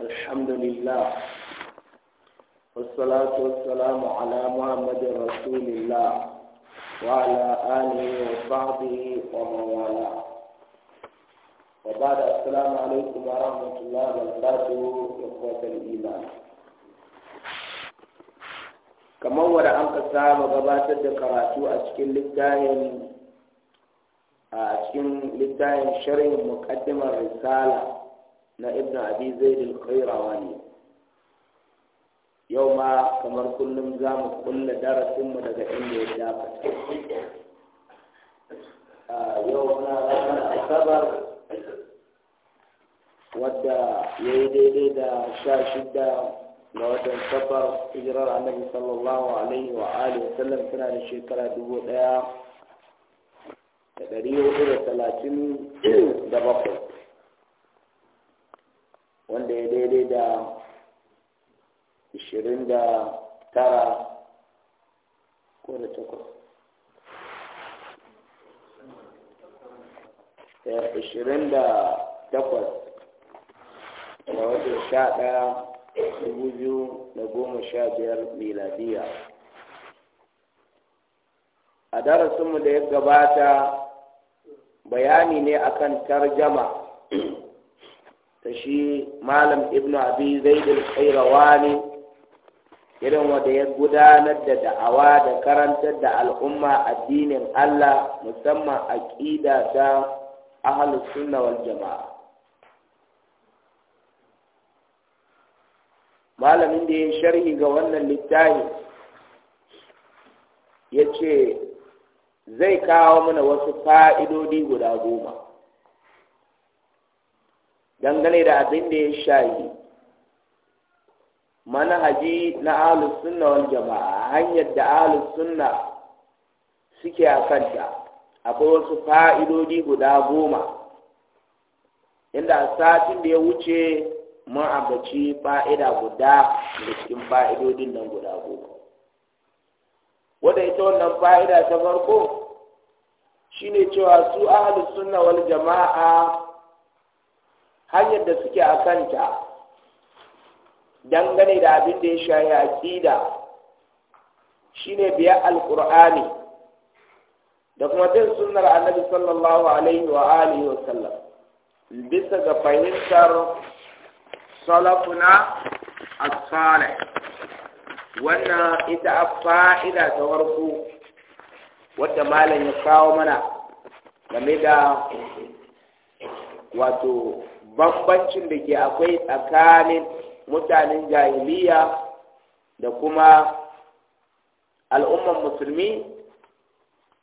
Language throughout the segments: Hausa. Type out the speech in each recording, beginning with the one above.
الحمد لله والصلاة والسلام على محمد رسول الله وعلى آله وصحبه ومن والاه وبعد السلام عليكم ورحمة الله وبركاته إخوة الإيمان kamar wadda an ka saba gabatar da karatu a cikin littayin a cikin littayin shirin muƙaddimar risala na ibn abi zaid al-khairawani yau ma kamar kullum za mu kulle darasinmu daga inda ya dakata yau na ranar asabar wadda ya yi daidai da sha shida ga watan safar hijirar annabi sallallahu alaihi wa alihi wa sallam tana da shekara dubu daya da dari hudu da talatin da bakwai wanda ya daidai da 29 ko da takwas ashirin da takwas da wata sha ɗaya dubu biyu da goma sha biyar miladiya a darasinmu da ya gabata bayani ne akan tarjama da shi malam ibn abi zaid al khairawani irin wanda ya gudanar da da'awa da karantar da al'umma addinin Allah musamman aqida ta ahlus sunna wal jama'a malamin da ya sharhi ga wannan littafi ya ce zai kawo mana wasu fa'idodi guda goma dangane da abin da ya shayi manhaji na ahlus sunna wal jama'a hanyar da ahlus sunna suke a kanta akwai wasu fa'idodi guda goma inda a satin da ya wuce mun ambaci fa'ida guda da cikin fa'idodin nan guda goma wadda ita wannan fa'ida ta farko shine cewa su ahlus sunna wal jama'a hanyar da suke a kanta dangane da abin da ya shahi aƙida shine biya alƙur'ani da kuma bin sunnar annabi sallallahu alaihi wa alihi wa bisa ga fahimtar salafuna as-salih wannan ita a fa'ida ta farko wadda malam ya kawo mana game da wato bambancin da ke akwai tsakanin mutanen jahiliya da kuma al'umman musulmi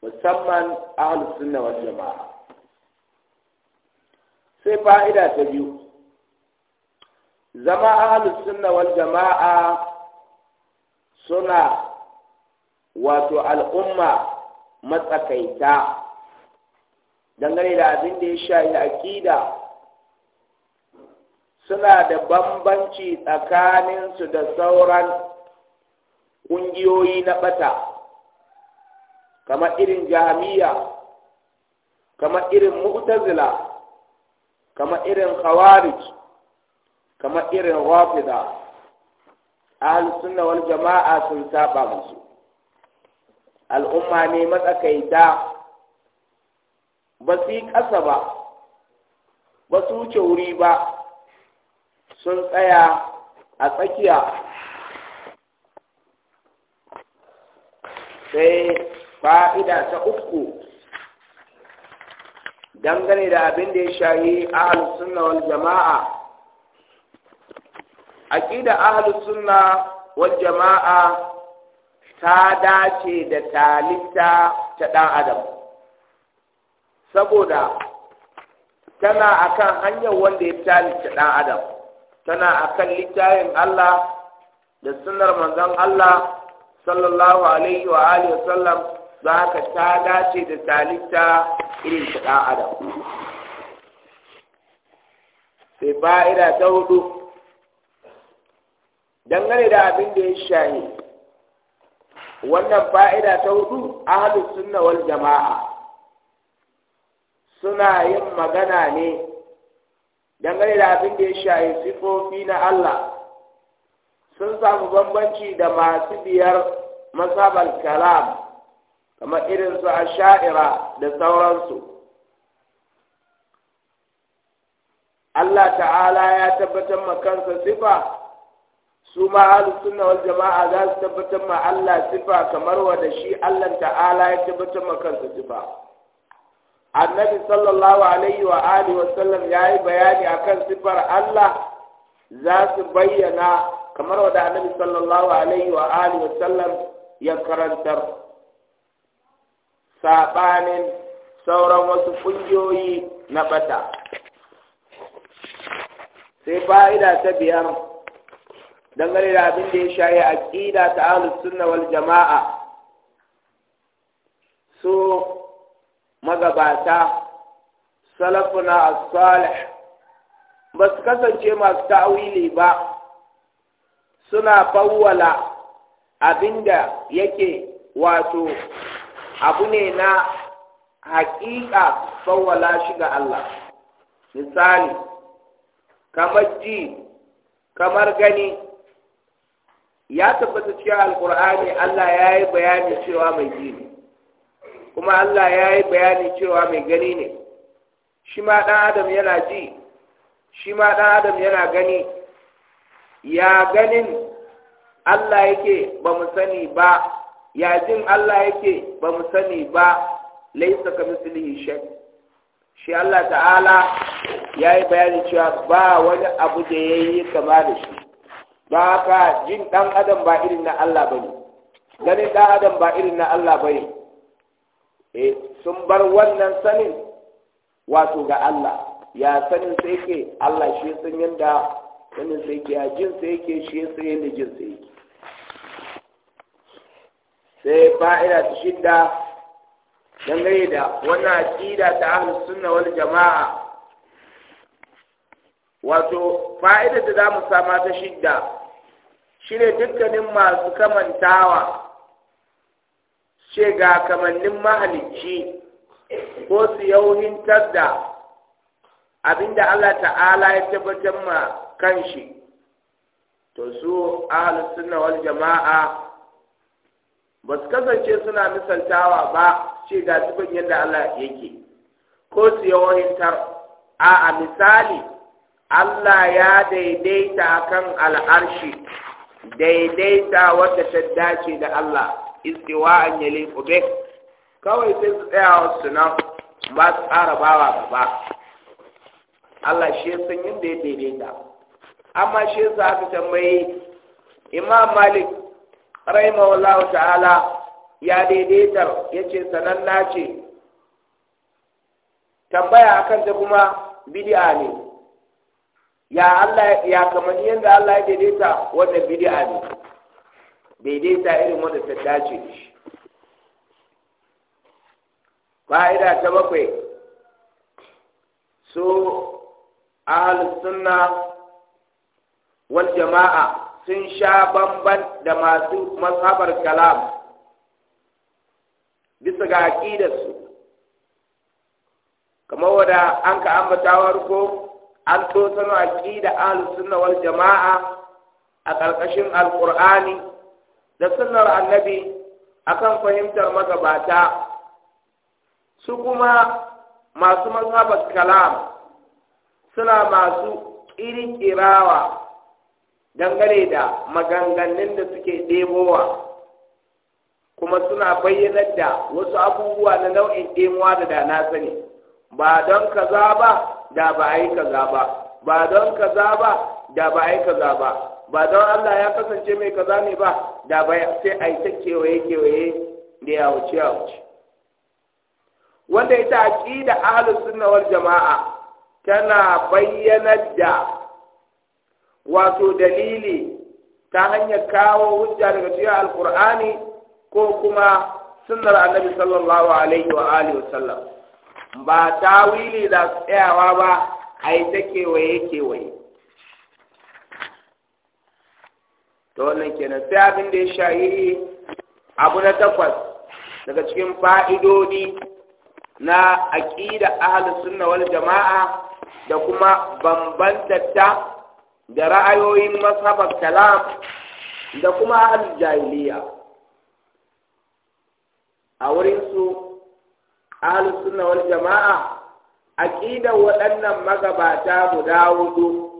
musamman ahlus wal jama'a sai fa'ida ta biyu zama ahlus wal jama'a suna wato al'umma matsakaita dangane da abin da ya shahi akida suna da bambanci tsakaninsu da sauran ƙungiyoyi na ɓata kamar irin jami'a kamar irin mu'tazila kamar irin khawarij kamar irin rafida ahlus sunna wal jama'a sun saba musu al'umma ne matsakaita ba su yi ƙasa ba ba su wuce wuri ba sun tsaya a tsakiya sai fa'ida ta uku dangane da abin da ya shahi ahalus sunna wal jama'a aqida ahalus sunna wal jama'a ta dace da talita ta ɗan adam saboda tana akan hanyar wanda ya talita ɗan adam tana akan littafin Allah da sunar manzon Allah sallallahu alaihi wa alihi wa sallam za ka ta dace da talitta irin ta da adam sai fa'ida ta hudu dangane da abin da ya shahi wannan fa'ida ta hudu ahlus sunna wal jama'a suna yin magana ne dangane da abin da ya shayi sifofi na Allah sun samu bambanci da masu biyar masabar kalam kamar irinsu a sha'ira da sauransu Allah ta'ala ya tabbatar ma kansa sifa su ma ahlus sunna wal jama'a za su tabbatar ma Allah sifa kamar wanda shi Allah ta'ala ya tabbatar ma kansa sifa annabi sallallahu alaihi wa alihi wa sallam yayi bayani akan sifar Allah za su bayyana kamar wanda annabi sallallahu alaihi wa alihi wa sallam ya karantar sabanin sauran wasu kungiyoyi na bata sai fa'ida ta biyar dangane da abin da ya shaye aqida ta ahlus sunna wal jama'a so magabata salafuna as-salih ba su kasance masu tawili ba suna fawwala abinda yake wato abu ne na haƙiƙa fawwala shi ga Allah misali kamar ji kamar gani ya tabbata cikin Alƙur'ani Allah ya yi bayani cewa mai ji kuma Allah ya yi bayani cewa mai gani ne shi ma ɗan adam yana ji shi ma ɗan adam yana gani ya ganin Allah yake ba mu sani ba ya jin Allah yake ba mu sani ba laisa ka mislihi shi Allah ta'ala ya yi bayani cewa ba wani abu da ya yi kama da shi ba ka jin ɗan adam ba irin na Allah ba ne ganin ɗan adam ba irin na Allah ba ne e sun bar wannan sanin wato ga Allah ya sanin sai ke Allah shi sun yanda sanin sai ke ya jin sai ke shi sun yanda jin sai ke sai fa'ida ta shidda dangane da wannan aqida ta ahlus sunna wal jama'a wato fa'ida da za mu sama ta shidda shine dukkanin masu kamantawa ce ga kamannin mahalicci ko su yauhintar da abinda Allah ta'ala ya tabbatar ma kanshi to su ahlus sunna wal jama'a ba su kasance suna misaltawa ba ce ga sifin yadda Allah yake ko su yauhintar a a misali Allah ya daidaita akan al'arshi daidaita wata ta dace da Allah istiwa'an yaliqu bih kawai sai su tsaya wasu nan ba su tsara bawa ba. Allah shi ya san yadda ya daidaita amma shi yasa aka tambayi Imam Malik rahimahullahu ta'ala ya daidaita yace sananna ce tambaya akan ta kuma bid'a ne ya Allah ya kamar yadda Allah ya daidaita wannan bid'a ne Daidai ta irin wanda ta dace da shi fa'ida ta bakwai so ahalus sunna wal jama'a sun sha bamban da masu masabar kalam bisa ga aƙidarsu kamar wadda an ka ambata ko an tosano aƙida ahalus sunna wal jama'a a ƙarƙashin alƙur'ani da sunnar annabi akan fahimtar magabata su kuma masu mazhabar kalam suna masu ƙirƙirawa dangane da maganganun da suke ɗebowa kuma suna bayyanar da wasu abubuwa na nau'in ɗemuwa da da na sani ba don kaza ba da ba a yi kaza ba ba don kaza ba da ba a yi kaza ba ba don Allah ya kasance mai kaza ne ba da ba sai a yi ta kewaye kewaye da ya wuce ya wuce wanda ita aqida ahlus sunna wal jama'a tana bayyana da wato dalili ta hanyar kawo hujja daga cikin alqur'ani ko kuma sunnar annabi sallallahu alaihi wa alihi wasallam ba tawili da tsayawa ba a yi ta kewaye kewaye to wannan kenan sai abin da ya shahi abu na takwas daga cikin fa'idodi na aƙida ahalus sunna wal jama'a da kuma bambantatta da ra'ayoyin mazhabar kalam da kuma ahalul jahiliya a wurinsu ahalus sunna wal jama'a aƙidar waɗannan magabata guda hudu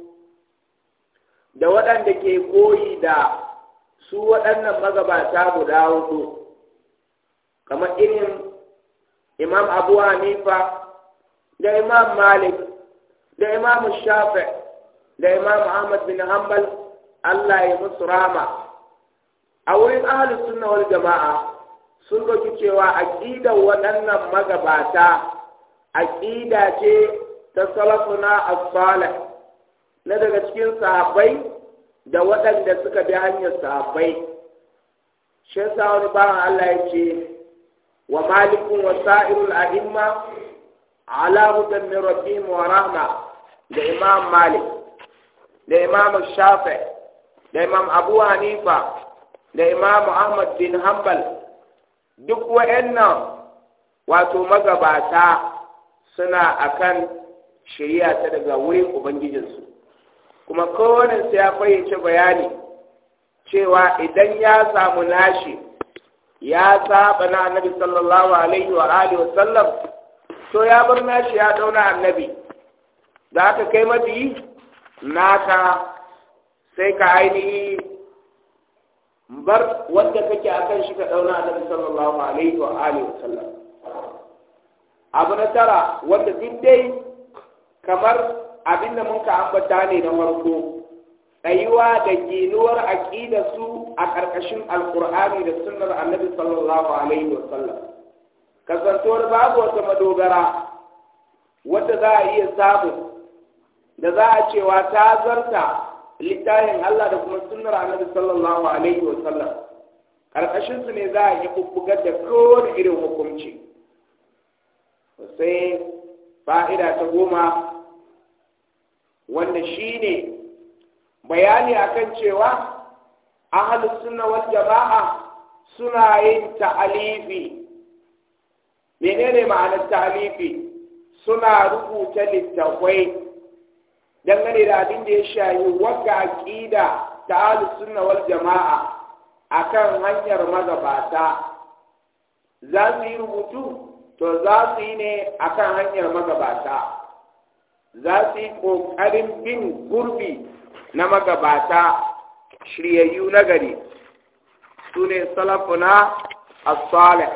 da waɗanda ke koyi da su waɗannan magabata guda hudu kamar irin imam abu hanifa da imam malik da imam shafi da imam ahmad bin hanbal allah ya musu rama a wurin ahalin suna wani jama'a sun ɗauki cewa aƙidar waɗannan magabata aƙida ce ta salafuna as-salih na daga cikin sahabbai da waɗanda suka bi hanyar sahabbai shi yasa wani bawan Allah ya ce wa malikun wa sa'irul a'imma ala hudan min rabbihim wa rahma da imam malik da imam shafi da imam abu hanifa da imam ahmad bin hanbal duk wa'annan wato magabata suna akan shari'a ta daga wurin ubangijinsu kuma kowane su ya fayyace bayani cewa idan ya samu nashi ya saba na annabi sallallahu alaihi wa alihi wa sallam to ya bar nashi ya dauna annabi za ka kai mafi naka sai ka ainihi bar wanda kake akan shi ka dauna annabi sallallahu alaihi wa alihi wa sallam abu na tara wanda duk dai kamar abinda mun ka ambata ne na farko tsayuwa da ginuwar aƙida su a ƙarƙashin alƙur'ani da sunnar annabi sallallahu alaihi sallam kasantuwar babu wata madogara wadda za a iya samu da za a cewa ta zarta littafin Allah da kuma sunnar annabi sallallahu alaihi sallam ƙarƙashin su ne za a yi bubbugar da kowane irin hukunci sai fa'ida ta goma wanda shi ne bayani a kan cewa ahlus suna jama'a suna yin ta'alifi menene ma'anar ta'alifi suna rubuta littafai dangane da abin da ya shayi wagga aƙida ta ahlus suna wal jama'a kan hanyar magabata za su yi rubutu to za su yi ne a kan hanyar magabata za su yi ƙoƙarin bin gurbi na magabata shiryayyu na gari su ne salafuna as-salih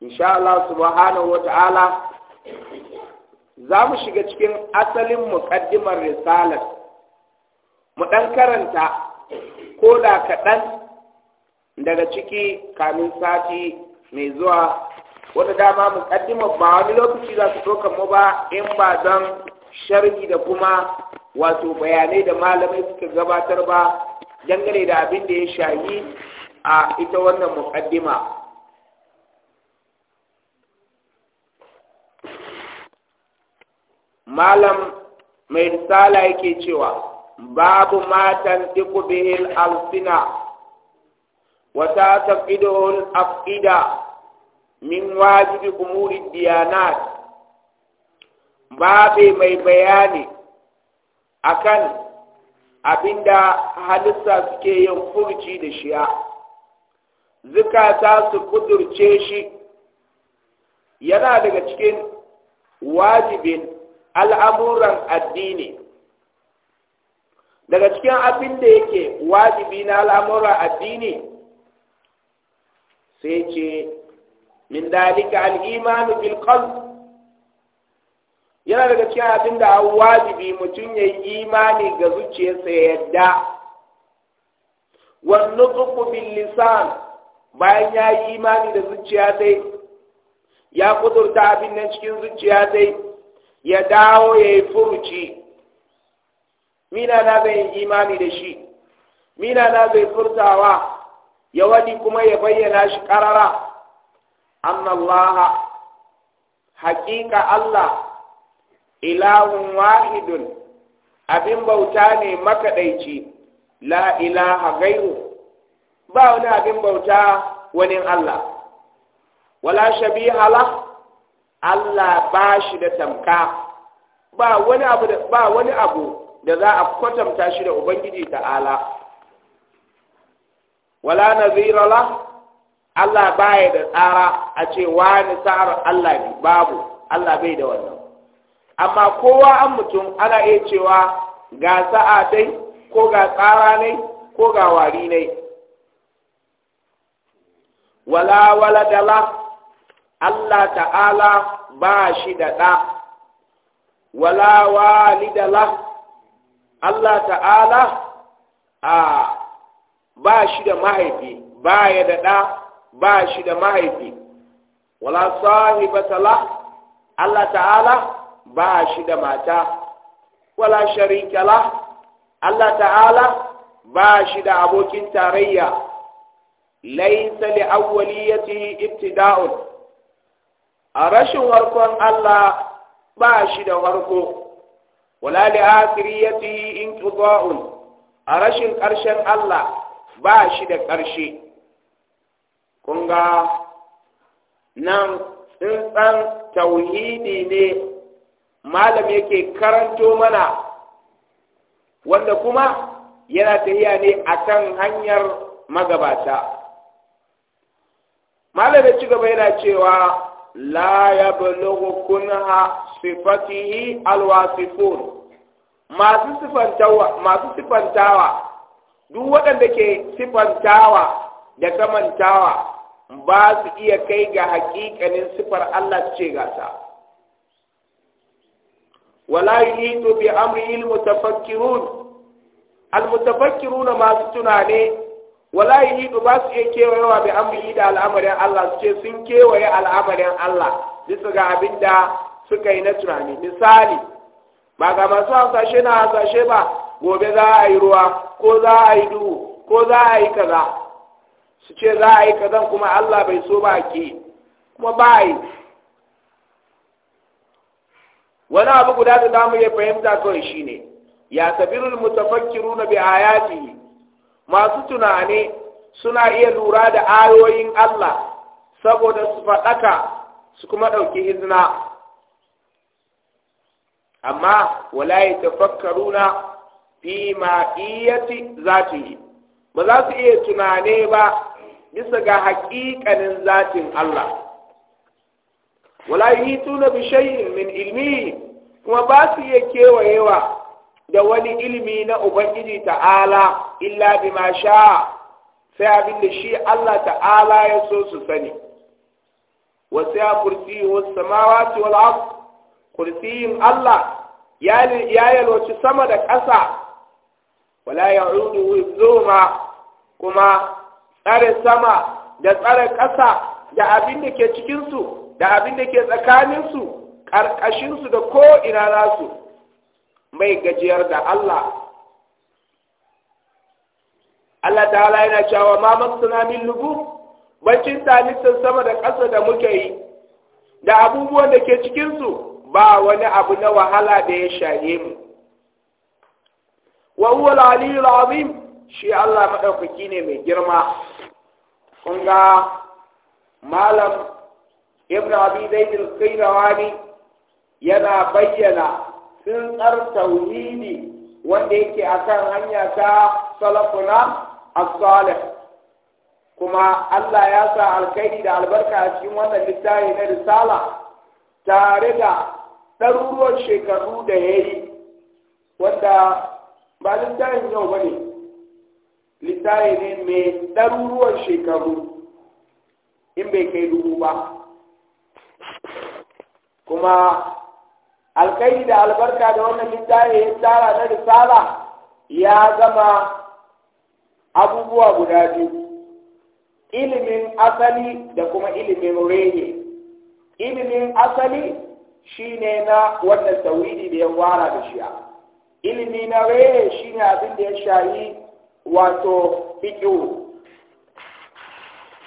insha Allah subhanahu wa ta'ala za mu shiga cikin asalin muƙaddimar risalar mu ɗan karanta ko da kaɗan daga ciki kamin sati mai zuwa wata dama mukaddima ba wani lokaci za su ɗaukan mu ba in ba zan sharhi da kuma wato bayanai da malamai suka gabatar ba dangane da abin da ya shayi a ita wannan mukaddima malam mai risala yake cewa babu matan tiku bihil alsina wata taqidu afida min wajibi umuri diyanat babe mai bayani akan abinda halitta suke yin furci da shiya zukata su kudurce shi yana daga cikin wajibin al'amuran addini daga cikin abin da yake wajibi na al'amuran addini sai ce min dalika al-iman bil qalb yana daga cikin abin da wajibi mutum ya yi imani ga zuciyarsa ya yadda wannan nutqu bil lisan bayan ya yi imani da zuciya dai ya kudurta abin nan cikin zuciya dai ya dawo ya yi furuci mina na zai yi imani da shi mina na zai furtawa ya wadi kuma ya bayyana shi karara annallaha haƙiƙa Allah ilahun wahidun abin bauta ne makaɗaici la ilaha gairu ba wani abin bauta wani Allah wala shabiha la Allah ba shi da tamka ba wani abu da za a kwatanta shi da ubangiji ta'ala wala nazirala Allah baya da tsara a ce wani tsara Allah ne babu Allah bai da wannan amma kowa an mutum ana iya cewa ga sa'a dai ko ga tsara ne ko ga wari ne wala wala dala Allah ta'ala ba shi da ɗa wala walidala Allah ta'ala a ba shi da mahaifi ba ya da ɗa ba shi da mahaifi wala sahibata Allah ta'ala ba shi da mata wala sharika la Allah ta'ala ba shi da abokin tarayya laisa li awwaliyatihi ibtida'un a rashin warkon Allah ba shi da warko wala li akhiriyatihi inqida'un a rashin ƙarshen Allah ba shi da ƙarshe Kunga nan in tsan tauhidi ne malam yake karanto mana wanda kuma yana tafiya ne kan hanyar magabata malam ya ci gaba yana cewa la yablughu kunha sifatihi alwasifun masu sifantawa masu sifantawa duk waɗanda ke sifantawa da kamantawa ba su iya kai ga hakikanin sifar Allah ce gasa wala yuhitu bi amri al mutafakkirun al mutafakkirun masu tunane wala yuhitu ba su iya kewayewa bi amri da al'amarin Allah su ce sun kewaye al'amarin Allah bisa ga abin da suka yi na tunani misali ba ga masu hasashe na hasashe ba gobe za a yi ruwa ko za a yi duhu ko za a yi kaza su ce za a yi kazan kuma Allah bai so ba ke kuma ba yi wani abu guda da zamu ya fahimta kawai shi ne. ya sabirul na bi ayati masu tunani suna iya lura da ayoyin Allah saboda su faɗaka su kuma ɗauki izina amma wala na fi ma'iyati yi. ba za su iya tunane ba bisa ga haƙiƙanin zatin Allah wala yi tuna shay'in min ilmi kuma ba su iya kewayewa da wani ilmi na ubangiji ta'ala illa bi ma sha sai abin da shi Allah ta'ala ya so su sani wasu ya kursi wasu samawati wal kursiyin Allah ya yalwaci sama da ƙasa wala ya'udu zoma kuma tsare sama da tsare ƙasa da abin da ke cikinsu da abin da ke tsakaninsu ƙarƙashinsu da ko'ina nasu mai gajiyar da Allah Allah Ta hala yana cewa ma masana min lugu bacin sama da ƙasa da muke yi da abubuwan da ke cikinsu ba wani abu na wahala da ya shaye mu wa huwa al-aliyyul shi Allah madaukaki ne mai girma kun malam ibn abi zaid yana bayyana tsintsar tauhidi wanda yake akan hanya ta salafuna as-salih kuma Allah ya sa alkhairi da albarka a cikin wannan littafi na risala tare da ɗaruruwan shekaru da ya yi wanda ba littafin yau ba ne littafi ne mai ɗaruruwan shekaru in bai kai dubu ba kuma alkai da albarka da wannan littafi ya tsara na risala ya zama abubuwa guda biyu ilimin asali da kuma ilimin rege ilimin asali shi ne na wannan tawhidi da ya wara da shiya ilimi na rege ne abin da ya shayi wato fiƙiwu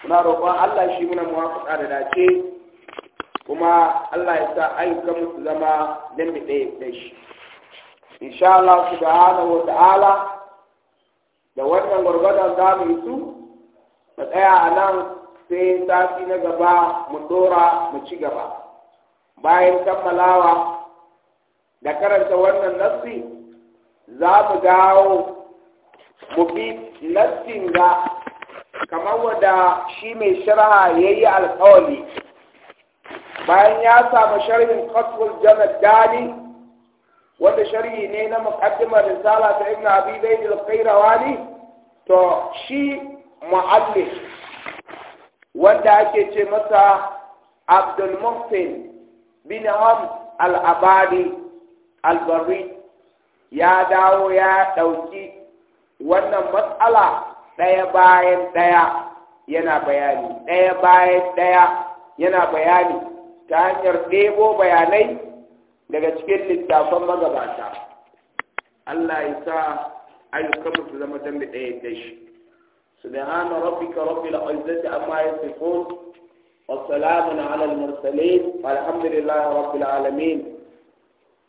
muna roƙon Allah shi muna muwafaƙa da dace kuma Allah ya sa ayyukan musu zama dambe ɗaya da shi insha Allah hana wa ta'ala da wannan gwargwadon za mu yi su mu tsaya a nan sai sati na gaba mu dora mu ci gaba bayan kammalawa da karanta wannan nassi za mu dawo mubi nassin ga kamar wada shi mai sharha ya yi alkawali bayan ya samu sharhin kaswar janar dali wanda sharhi ne na mukaddimar risala ta ibn abi zaid kairawa ne, to shi muallif wanda ake ce masa abdul muhsin bin ham al-abadi al-barri ya dawo ya dauki wannan matsala ɗaya bayan ɗaya yana bayani ɗaya bayan ɗaya yana bayani ta hanyar ɗebo bayanai daga cikin littafan magabata Allah ya sa ayyukan su zama da ɗaya Su da la سبحان ربك رب العزة عما salamu na alal المرسلين alhamdulillah rabbi la alamin